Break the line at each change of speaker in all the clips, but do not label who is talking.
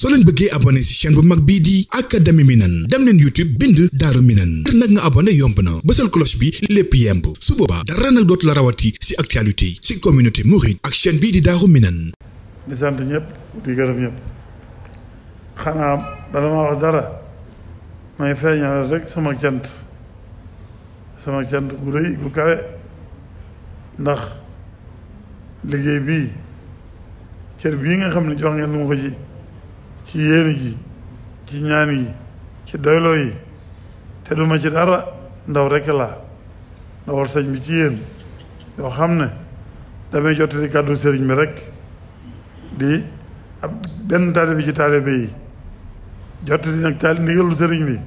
soo leen bëggee abone ci chaîne bu mag bii di académie Minane dem leen YouTube bind Daaru Minane ngir nag nga abonné yomb na bësal cloche bi lépp yemb su boobaa dara nag dootu la rawati ci actualité ci communauté mouride ak chaîne bii di Daaru Minane di sant ñëpp di gërëm ñëpp xanaa bala ma wax dara may feeñal rek sama cant sama cant gu rëy gu kawe ndax liggéey bii cër bii nga xam ne jox ngeen lu ma ci yéene gi ci ñaan yi ci doyloo yi te duma ci dara ndaw rekk laa ndawal sëñ bi ci yéen yoo xam ne damay jottali kàddu sëriñ bi rek di ab benn taalibe ci taalibe yi jottali nag taali ndigalu sëriñ bi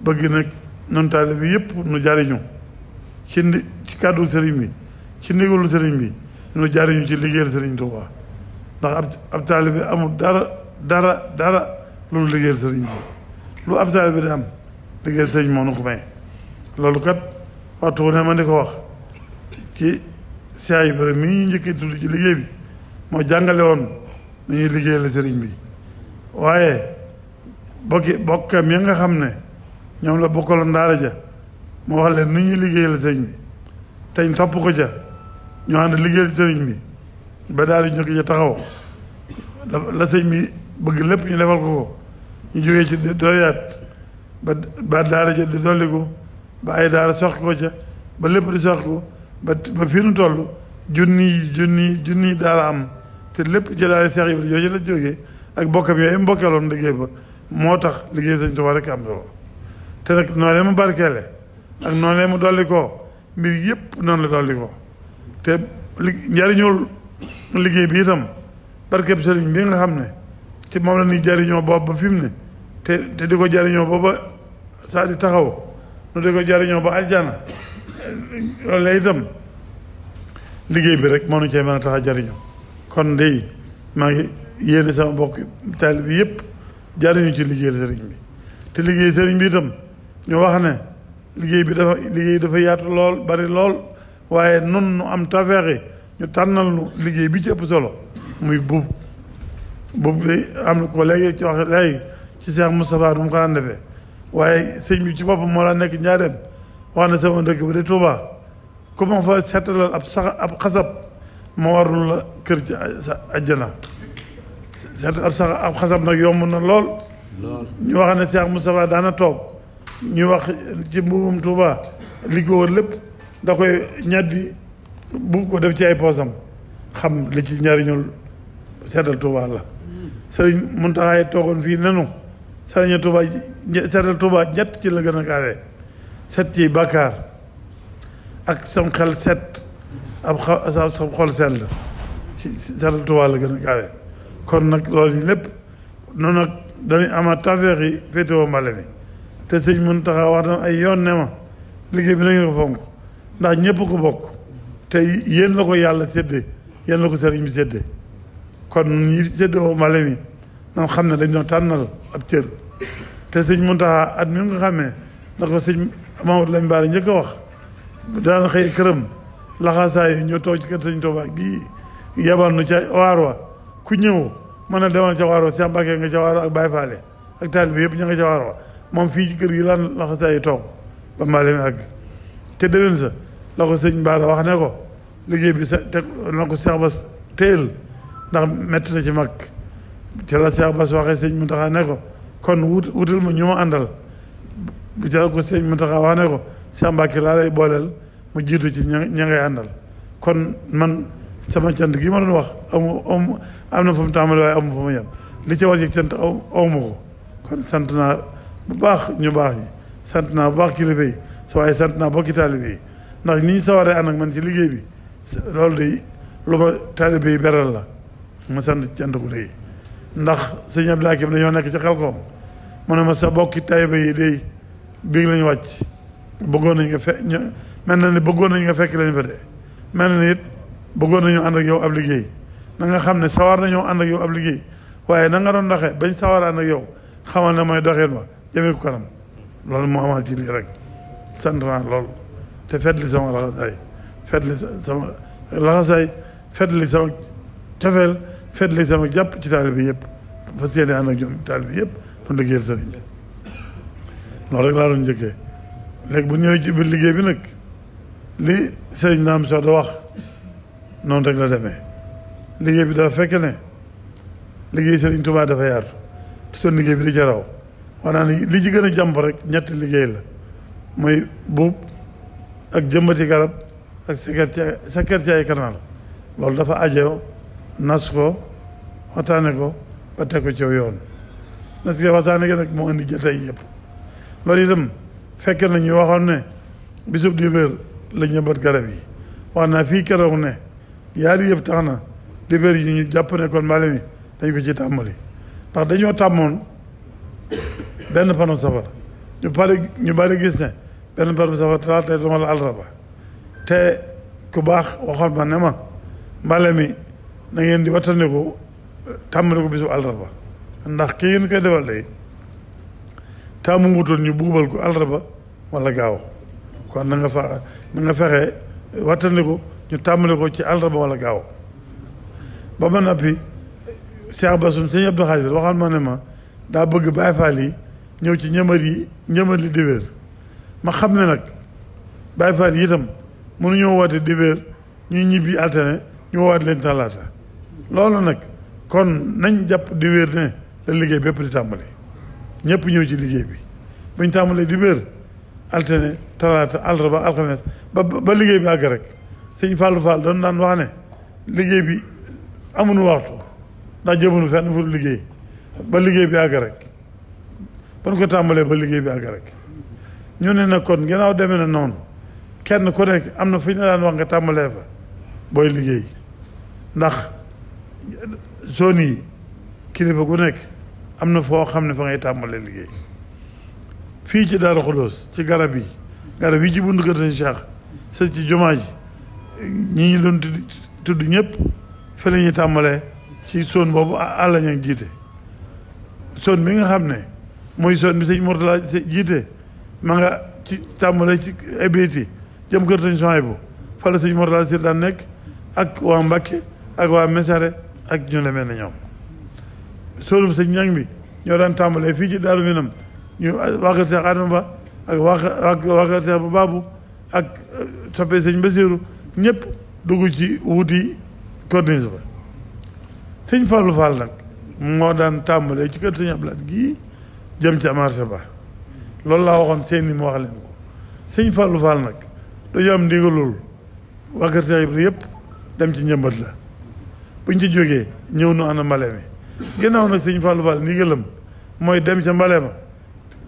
bëgg nag nun taalibe yëpp nu jariñu ci ci kàddu sëriñ bi ci ndigalu sëriñ bi nu jariñu ci liggéeyal sëriñ Tuubaa ndax ab ab taalibe amul dara dara dara loolu liggéeyal sëriñ bi lu ab taalibe bi di am liggéeyal sëriñ moo nu ko may loolu kat waxtu wu ne ma di ko wax ci saa yu bëri mi ñu ci liggéey bi moo jàngale woon nu ñuy liggéeyal sëriñ bi waaye bokki bokkam ya nga xam ne ñoom la bokkaloon daara ja moo leen nu ñuy liggéeyal sëriñ bi teñ topp ko ca ñoo xam ne liggéeyal sëriñ bi ba daal di ñu ko ca taxaw la sëñ bi bëgg lépp ñu defal ko ko ñu jógee ci doyaat ba ba daara ja di dolliku ba ay daara sox ko ca ba lépp di sox ko ba ba fii nu toll junni junni junni daara am te lépp ci daara Seex Ibra yooyu la jógee ak bokkam yooyu mbokkeeloon liggéey ba moo tax liggéey Sëñ Tuubaa rekk am solo te nag noonee mu barkeele ak noonee mu dolli koo mbir yëpp noonu la dolli ko te liggéey bi itam barkeb sëriñ bi nga xam ne ci moom la ñuy jariñoo boobu ba fi mu ne te te di ko jariñoo boobu ba di taxaw nu di ko jariñoo ba àjjana loolu la itam liggéey bi rek moo nu cee mën a tax jariñoo kon day maa ngi yéene sama mbokk taalibe bi yëpp jariñu ci liggéeyal sëriñ bi te liggéey sëriñ bi itam ñu wax ne liggéey bi dafa liggéey dafa yaatu lool bari lool waaye nun nu am tafeexi ñu tànnal nu liggéey bi ci ëpp solo muy buub boobu day am na ko léegi ci wax léegi ci Cheikh Moustapha du mu ko daan waaye sëñ bi ci boppam moo la nekk njaareem wax na sama dëkk bi de Touba comment ab sax ab xasab ma warul la kër ci àjjana seetal xasab nag yomb na lool ñu wax ne Cheikh Moustapha daana toog ñu wax ci mbuumum Touba li ko lépp da koy ñaddi bu ko def ci ay poosam xam li ci njariñul seetal Touba la sëriñ Muntaxa toogoon fii nanu sëriñ Tuuba seetal Tuuba ñett ci la gën a gaawee set ci bàkkaar ak sam xel set ab xaw sam xol sell la ci seetal Tuuba la gën a gaawee kon nag loolu yi lépp noonu nag dañuy ama tafeex yi féetewoo mbale mi te sëñ Muntaxa wax na ay yoon ne ma bi nañu ngeen ko fonk ndax ñëpp ko bokk te yéen la ko yàlla séddee yéen la ko sëriñ bi séddee kon ñi séddoo male mi nan xam ne dañ doon tànnal ab cër te sëñ Muntaxa at mi nga xamee na ko sëñ Mamadou a wax daan këram laxaasaayi ñoo toog ci kër sëñ Tuubaa gii yabal nu ca waar ku ñëw mën a demal ca waar wa Cheikh ak Baye Fallé ak taalibe yëpp ña moom fii ci kër gi lan laxaasaayi toog ba male mi àgg te wax ne ko liggéey bi sa teg na ko Cheikh Bass téel ndax métti na ci mag ci la Cheikh Bass waxee sëñ Mountakha ne ko kon wut wutal ma ñuma ma bu ca ko sëñ Mountakha wax ne ko Cheikh Mbacke laa lay booleel mu jiitu ci ña ña àndal kon man sama cant gi ma doon wax amu amu am na fa mu tàmbali waaye amu fa mu li ca war ci cant aw aw ma ko kon sant naa bu baax ñu baax ñi sant naa bu baax kilifa yi sa waaye sant naa bokki taalibe yi ndax ni ñu sawaree ànd man ci liggéey bi loolu de lu ma taalibe la ma sant cant gu rëy ndax sëñ Abdou Hakim dañoo nekk ci Xelkom mu ne ma sa bokki Taïba yi day biig lañu wàcc bëggoon nañ nga fe mel na ni bëggoon fekk lañ fa mel na ni bëggoon nañu ànd ak yow ab liggéey na nga xam ne sawar nañoo ànd ak yow ab liggéey waaye na nga doon bañ sawar ànd ak yow xamal na mooy doxeen ma jëmee ko kanam loolu moo amal ci rek sant naa lool te fetli sama laxasaay fetli sama laxasaay fetli sama cofeel fedd lay sama jàpp ci taalibe yëpp fas yéene ànd ak ñoom taalibe yëpp doon liggéeyal sëriñ bi loolu rek laa doon njëkkee léegi bu ñëw ci biir liggéey bi nag li sëriñ naam sax da wax noonu rek la demee liggéey bi dafa fekk ne liggéey sëriñ Tuubaa dafa yaatu te seen liggéey bi di ca raw wanaa ni li ci gën jàmb rek ñetti liggéey la mooy buub ak jëmbati garab ak sécurité sécurité loolu dafa ajeo nas ko waxtaane ko ba teg ko ci yoon nas ko waxtaane ko nag moo indi jataay yëpp loolu itam fekk na ñuy waxoon ne bisub dibéer la ñëmbat garab yi wax naa fii keroog ne yaari yëpp tax na dibéer yi ñu jàpp ne kon mbale mi dañ ko ci tàmbali ndax dañoo tàmmoon benn panu safar ñu pare ñu bari gis ne benn panu safar talaata dama la alraba te ku baax waxoon ma ne ma mbale mi na ngeen di wattandiku tàmmale ko bisu ba ndax ki ngeen koy defal day tàmmu ngutoon ñu buubal ko ba wala gaaw kon nanga nga nga fexe wattandiku ñu tàmmale ko ci àllarba wala gaaw ba ma nappi Cheikh Bassoum sëñ Abdou Khadir waxal ma ne ma daa bëgg Baay Faal yi ñëw ci ñëmar yi ñëmar li diwéer ma xam ne nag Baay Faal yi itam mënuñoo woote diwéer ñuy ñibbi altine ñu woowaat leen talaata loolu nag kon nañ jàpp di wér ne la liggéey bépp di tàmbali ñëpp ñëw ci liggéey bi buñ tàmbalee di wér altine talaata alraba alxames ba ba liggéey bi àgg rek sëñ Fallou Fall doon daan wax ne liggéey bi amuñu waxtu ndax jëmunu fenn fu liggéey ba liggéey bi àgg rek ba ñu ko tàmbalee ba liggéey bi àgg rek ñu ne nag kon gannaaw demee na noonu kenn ku am na fu ñu daan wax nga tàmbalee fa booy liggéey ndax zone yi kilifa gu nekk am na foo xam ne fa ngay tàmbalee liggéey fii ci Darou Khoudoss ci garab yi garab yi ci buntu kër Sëñ Cheikh sëñ ci jumaa ji ñi ñu doon tudd ñëpp fa la ñuy tàmbalee ci zone boobu àll ña jiite zone bi nga xam ne mooy zone bi sëñ Mourtala jiite ma nga ci tàmbalee ci ebiti jëm kër Sëñ Souhaïbou fa la sëñ Mourtala si daan nekk ak waa Mbacké ak waa Mesare ak ñu la na ñoom sóorum sëñ ñang bi ñoo daan tàmbalee fii ci daaru minam ñu waakar seex adama ba ak waak ba baabu ak euh, soppe sëñ basiru ñëpp dugg ci wuti corniche ba sëñ Fallou Fall nag moo daan tàmbalee ci kër sëñ Ablaat gii jëm ci marché ba loolu laa waxoon seen mu wax leen ko sëñ Fallou Fall nag dañu am ndigalul waakar seex yëpp dem ci njëmbat la buñ ci jógee ñëw nu ana mbale mi ginnaaw nag sëñ Fallou Fall ndigalam mooy dem ca mbale ma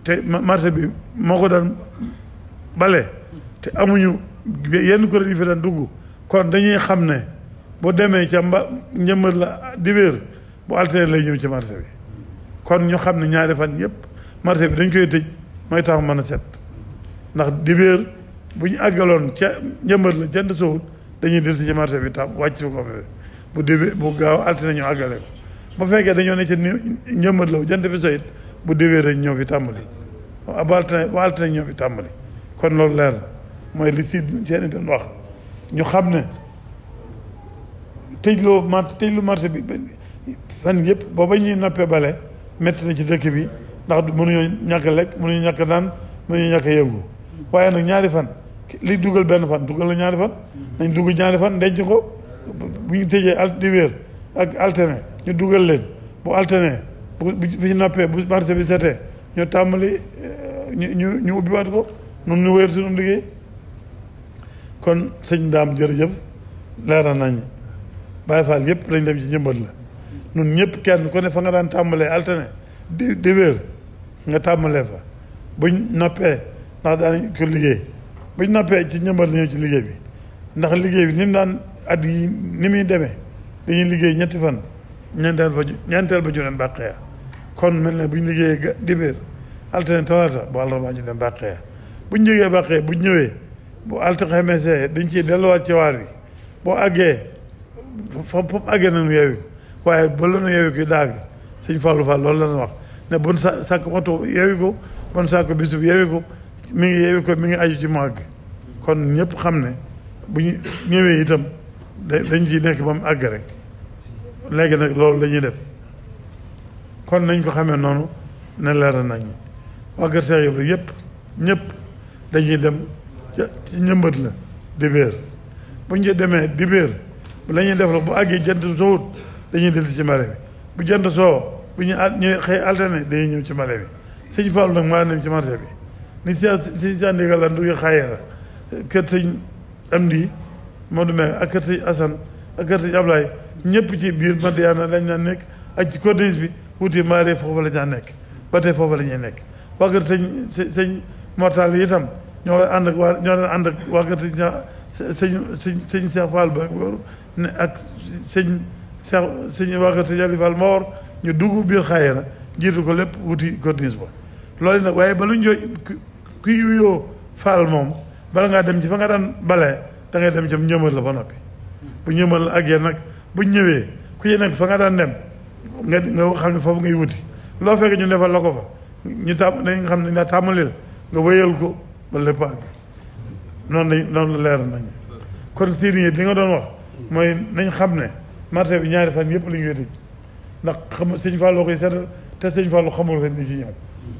te marché bi moo ko daan bale te amuñu yenn kuréel yi fi daan dugg kon dañuy xam ne boo demee ca mba njëmbat la dibéer bu altine lay ñëw ci marché bi kon ñu xam ne ñaari fan yëpp marché bi dañ koy tëj mooy tax mën a set ndax dibéer bu ñu àggaloon ca njëmbat la jënd sowut dañuy si ci marché bi tam wàcc fi ko fi bu déwé bu gaaw altine ñu àggale ko bu fekkee dañoo ne ci njëmbat la jant bi so bu déwee rek ñoo fi tàmbali bu altine bu altine ñoo fi tàmbali kon loolu leer mooy li si seeni doon wax ñu xam ne tëjloo mart tëjlu marché bi fan yëpp booba ñuy noppee bale métti na ci dëkk bi ndax mënuñoo ñàkk lekk mënuñoo ñakk naan ñu ñàkk yëngu waaye nag ñaari fan li dugal benn fan dugal la ñaari fan nañ dugal ñaari fan denc ko bu ñu tëjee al di wéer ak alterné ñu dugal leen bu alterné bu fi ñu nappee bu marché bi setee ñu tàmbali eh, ñu ñu ñu ubbiwaat ko ñun ñu wéer suñu liggéey kon sëñ daam jërëjëf leeral nañ Baay Faal yëpp lañ dem ci njëmbat la ñun ñëpp kenn ku ne fa nga daan tàmbalee alterné di di wéer nga tàmbalee fa buñ nappee ndax daan ko liggéey buñ nappee ci njëmbat la ci liggéey bi ndax liggéey bi ni daan at yi ni muy demee ñu liggéey ñetti fan ñeenteel ba ñu dem bàqeya kon mel na bu ñu liggéeyee dibéer altine talaata bu àllarba ñu dem bàqeya bu ñu jógee bàqeya bu ñëwee bu altaxemesee dañ ci delluwaat ci waar wi boo àggee foofu foofu àggee nañu yeewi ko waaye ba la nu yeewi ko daag sëñ Fallou Fall loolu la ñu wax ne bon sa sàkk waxtu yeewi ko bon sàkk bisub yeewi ko mi ngi yeewi ko mi ngi aju ci màgg kon ñëpp xam ne bu ñu ñëwee itam dañ ci nekk ba mu àgg rek léegi nag loolu lañuy def kon nañ ko xamee noonu ne leer nañ waa Kër Cheikh Ibrahima yëpp ñëpp dañuy dem ci ñëmbat la dibéer bu ñu demee dibéer bu lañuy def la bu àggee jant sowut dañuy dellu ci male bi bu jant soo bu ñu at ñuy xëy alterné dañuy ñëw ci male bi sëñ Fallou nag maa dem ci marché bi ni si si si àndigalan du xaayee la kër sëñ am di Modou Mbengue ak kër sëñ Assane ak kër sëñ Ablaye ñëpp ci biir Madiyaana lañ daan nekk ak ci codice bi wuti maaree foofu la daan nekk ba tey foofu la ñuy nekk waa kër sëñ sëñ Mortal itam ñoo ànd ak waa ñoo doon ànd ak sëñ sëñ sëñ sëñ ak sëñ Cheikh sëñ waa kër sëñ Ali ñu dugg biir Xayra jiitu ko lépp wuti codice ba loolu waaye ba lu ki jo yuyoo Fall moom bala ngaa dem ci fa nga daan bale da ngay dem jëm ñëmal la ba noppi bu ñëmal la ak nag bu ñëwee ku ci nekk fa nga daan dem nga xam ne foofu ngay wuti loo ñu defal ko fa ñu tàmm dañ nga xam ne daa tàmmalil nga wéyal ko ba lépp àgg noonu lañ noonu leer nañ kon sériñ li nga doon wax mooy nañ xam ne marché bi ñaari fan yëpp li ñu koy ndax xam sëñ Fallou koy seetal te sëñ Fallou xamul ko ni ci ñëw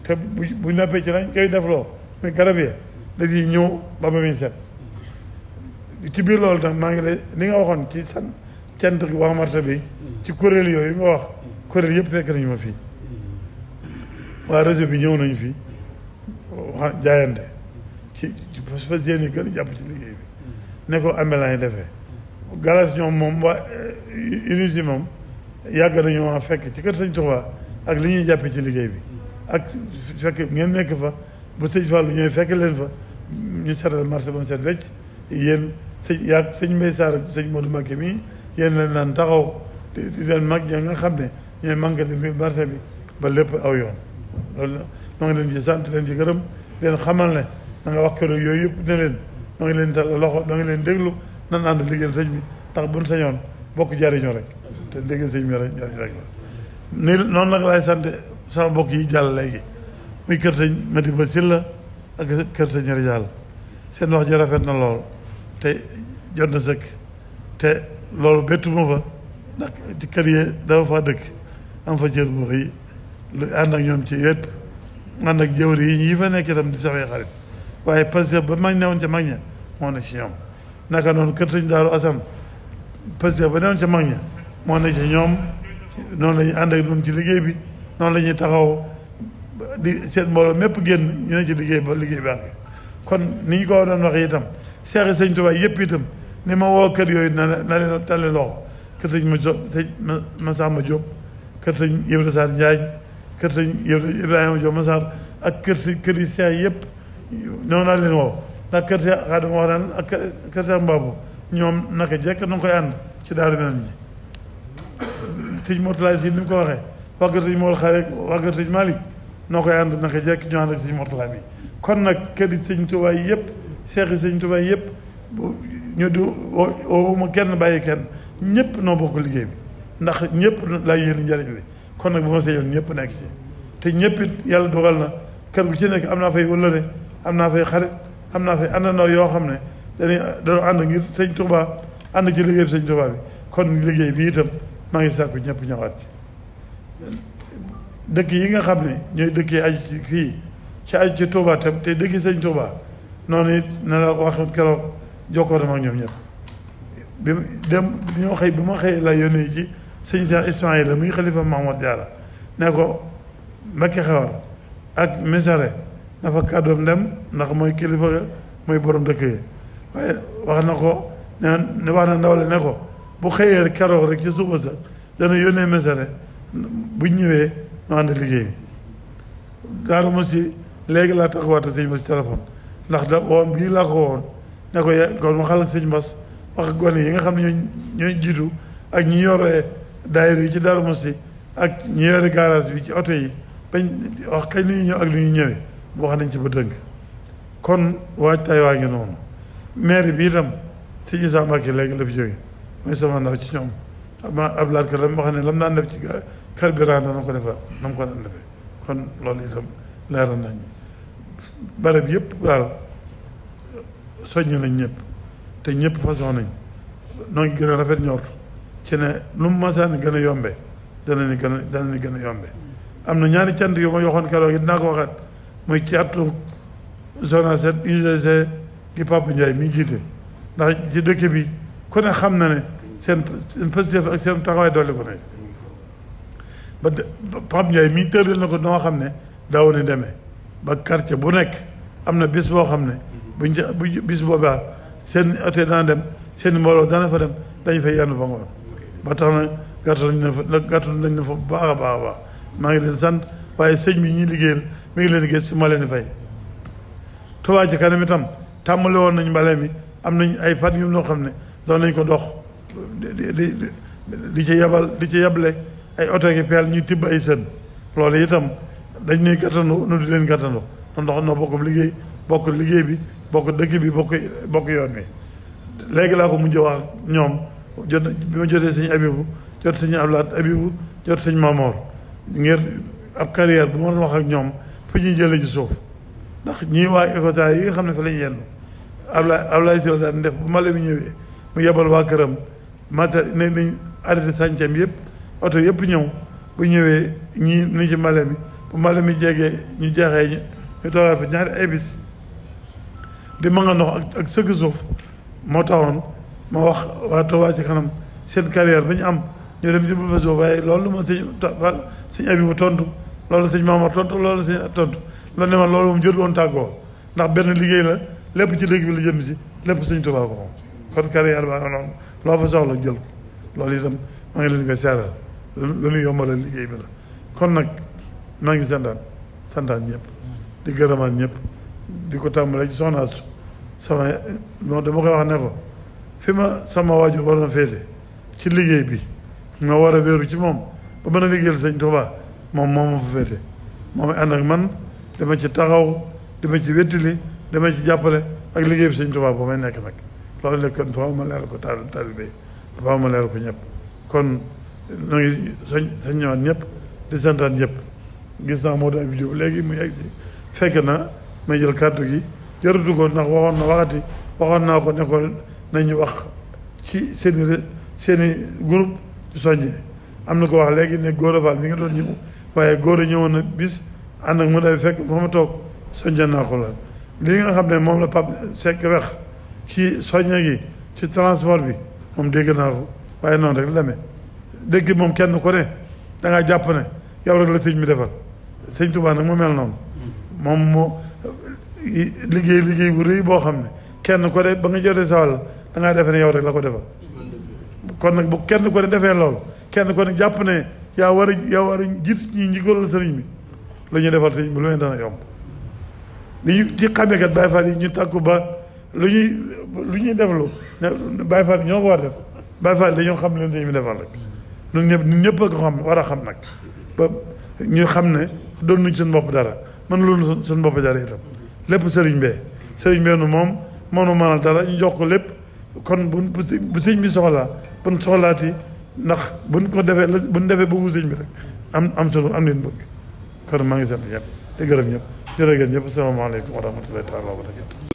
te bu bu nappee ci lañ koy defloo muy garab ya dañuy ñëw ba ba muy set ci biir loolu tam maa ngi lay li nga waxoon ci san cant gi waa marta bi ci kuréel yooyu nga wax kuréel yëpp fekk nañu ma fii waa réseau bi ñëw nañu fii wax jaayante ci fa seen yi gën a jàpp ci liggéey bi ne ko amelan yi ñoom moom waa unis moom yàgg nañu ma fekk ci kër sëñ Tuubaa ak li ñuy jàppe ci liggéey bi ak fekk ngeen nekk fa bu sëñ Fallu ñëwee fekk leen fa ñu setal marché ba mu set wecc yéen sëñ yaa sëñ Mbaye saar sëñ Modou Mbacké mi yéen lañ naan taxaw di di mag ña nga xam ne ñooy manqué di bi marché bi ba lépp aw yoon loolu ngi leen ci sant leen ci gërëm leen xamal ne na nga wax kër yooyu yëpp ne leen ma ngi leen tal loxo ma ngi leen déglu nan ànd liggéeyal sëñ bi ndax buñ sañoon bokk jariñoo rek te liggéeyal sëñ bi rek jariñ rek ni noonu nag laay sant sama mbokk yi jàll léegi muy kër sëñ Madiba Sylla ak kër sëñ Rijaal seen wax ji rafet na lool te jot na sëkk te loolu bettu ma fa ndax ci kër yee dama faa dëkk am fa cër bu rëy lu ànd ak ñoom ci yëpp ànd ak jëwri yi ñi fa nekk itam di safee xarit waaye parce ba mag newoon ca mag ña moo ne ci naka noonu kër sëñ daaru asan parce que ba newoon ca mag ña moo ne ci ñoom noonu la ànd ak ñoom ci liggéey bi noonu la taxaw di seen mbooloo mépp génn ñu ne ci liggéey ba liggéey bi àgg kon ni ñu ko doon waxee itam seex sëñ Tuubaa yëpp itam ni ma woo kër yooyu na na leen tale loxo kër sëñ ma sëñ Masamba Diop kër sëñ Ibrahima kër sëñ Ibrahima Diop Massar ak kër si kër yi yëpp ñoo naa leen woo ndax kër seex kër seex Mbaabu ñoom naka jekk nu ngi koy ànd ci daaru menam ji sëñ Mortalaay si ni mu ko waxee waa kër noo koy ànd naka jekk ñoo ànd ak sëñ bi kon nag kër yi sëñ Tuubaa yëpp seex yi sëñ Tuubaa yëpp ñu du woowuma kenn bàyyi kenn ñëpp noo bokk liggéey bi ndax ñëpp lay yéen njariñ li kon nag bu ma seeyoon ñëpp nekk ci te ñëpp it yàlla dogal na kër gu ci nekk am naa fay wëllëre am naa fay xarit am naa fay àndandoo yoo xam ne dañuy dañoo ànd ngir sëñ Tuubaa ànd ci liggéey bi sëñ Tuubaa bi kon liggéey bi itam maa ngi sàkku ñëpp ñëwaat ci dëkk yi nga xam ne ñooy dëkk yi aju ci fii ci aju ci Tuubaa te dëkk sëñ Tuubaa noonu it na la ko wax keroog jokkoo dama ak ñoom ñëpp bi dem ñoo xëy bi ma xëy la yónnee ci sëñ Cheikh Ismaïla muy xalifa Mahmoud Diarra ne ko Mbacke Xewar ak Mesare na fa kàddoom dem ndax mooy kilifa mooy borom dëkk yi waaye wax na ko ne wax na ndaw la ne ko bu xëyee keroog rek ci suba sa dana yónnee Mesare bu ñëwee ñu ànd liggéey bi daaru ma si léegi laa taxawaate sëñ ma si téléphone ndax da woon lii laa ko woon ne ko ya kon waxal ak sëñ Bass wax gone yi nga xam ne ñoo ñooy jiitu ak ñi yore daayira yi ci Darou Mouhty ak ñi yore garage bi ci oto yi bañ wax kañ lu ñuy ñëw ak lu ñuy ñëwee wax nañ ci ba dënk kon waajtaay waa ngi noonu maire bi itam sëñ Issa Mbacke léegi la fi jóge mooy sama ndaw ci ñoom ama ab laat ka lam wax ne lam daan def ko defar na ko daan kon loolu itam leeral nañ bi yëpp daal soññ nañ ñëpp te ñëpp façon nañ noo ngi gën a rafet ñor ci ne lu masaan gën a yombe dana ni gën a gën a yombe am na ñaari cant yu ma yoxoon keroog yi dinaa ko waxaat muy ci atu zone 7 UGC gi Papa Ndiaye mi jiite ndax ci dëkk bi ku xam na ne seen seen positif ak seen taxawaay dolli ko nañ ba Papa Ndiaye mi tëral ko doo xam ne daawoon a demee ba quartier bu nekk am na bis boo xam ne buñ bu bis boobaa seen oto dana dem seen mbooloo dana fa dem dañ fa yenn ba ngoon ba tax na gàttal nañ na gàttal nañ na fa baax a baax a baax maa ngi leen sant waaye sëñ bi ñuy liggéeyal mu ngi leen gis su ma leen fay ji ci kanam itam tàmmale woon nañ mbale mi am nañ ay fan yu noo xam ne doon nañ ko dox di di ci yebal di ci yeble ay oto ki peel ñu tibb ay sën loolu itam dañ ne gàttandoo nu di leen gàttandoo ndax noo bokk liggéey bokk liggéey bi bokk dëkk bi bokk bokk yoon bi léegi laa ko mujjee wax ñoom jot bi ma jotee sëñ Abibu jot sëñ Ablaat Abibu sëñ Mamor ngir ab carrière bu ma wax ñoom fi ñuy jëlee ci suuf ndax ñii waa Ecotra yi nga xam ne fa lañ yenn Ablaay Ablaay si la daan def bu male mi ñëwee mu yebal waa këram mata ne nañ arrêté sànceem yëpp oto yëpp ñëw bu ñëwee ñii ni ci male mi bu la mi jegee ñu jeexee ñu ñu toogaa fi ñaari ay di ma nga ndox ak ak sëgg suuf moo taxoon ma wax waa Touba ci kanam seen carrière bi ñu am ñu dem ci ba suuf waaye loolu ma sëñ sëñ abi mu tontu loolu sëñ Maamar tontu loolu sëñ tontu loolu ne ma loolu moom jël ndax benn liggéey la lépp ci dëgg bi si lépp sëñ Touba ko moom kon carrière baa fa soxla jël ko loolu itam maa ngi leen koy seeral lu ñu yombalal liggéey bi la kon nag noo ngi santaan santaan ñëpp di gërëmaat ñëpp di ko tàmbalee ci soxnaa sama non dama koy wax ne fi ma sama waajur war na féete ci liggéey bi ma war a wéeru ci moom ba na a liggéeyal sëñ Tuubaa moom moom ma fa féete moom ànd ak man dama ci taxaw dama ci wettili dama ci jàppale ak liggéey bi sëñ Tuubaa ba may nekk nag loolu la kon faaw ma leer ko taal taalibe faaw ma leer ko ñëpp kon ñu ngi sañ sañ ñëwaat ñëpp di santaan ñëpp gis naa Modou Abib Diop léegi mu yegg fekk na may jël kàddu gi jaratu ko ndax waxoon na waxati waxoon naa ko ne ko nañu wax ci seen i seen i soññee am na ko wax léegi ne góor a faal mi nga doon ñëw waaye góor ñëwoon na bis ànd ak mu day fekk fa ma toog soññee naa ko la lii nga xam ne moom la Pape Seck wax ci soññee gi ci transport bi moom dégg naa ko waaye noonu rek la demee moom kenn ko ne da jàpp ne yow rek la sëñ mi defal sëñ Tuubaa nag mu mel noonu moom mu liggéey liggéey bu rëy boo xam ne kenn ko de ba nga jotee sa wàll da ngaa ne yow rek la ko defal kon nag bu kenn ko ne defee loolu kenn ko ne jàpp ne yaa war a war a jiit ñi bi lu ñu defal sëriñ bi lu ñu dana yomb li ñu ci xamee ba lu ñuy lu ñuy deflu Baay Faal ñoo ko war def Baay Faal dañoo xam leen sëriñ bi defal rek ñun ñëpp ñun ñëpp ko xam war a xam nag ba ñu xam ne doon nañ suñu bopp dara man loolu suñu bopp dara itam lépp sëriñ bee sëriñ bee nu moom moom nu mënal dara ñu jox ko lépp kon bu bu sëñ bi soxlaa buñ soxlaati ndax bu buñ ko defee buñ defee bëggu sëñ bi rek am am sunu am leen bëgg kon maa ngi sant ñëpp di gërëm ñëpp jërëjëf ñëpp asalaamaaleykum wa rahmatullahi taala wa barakatu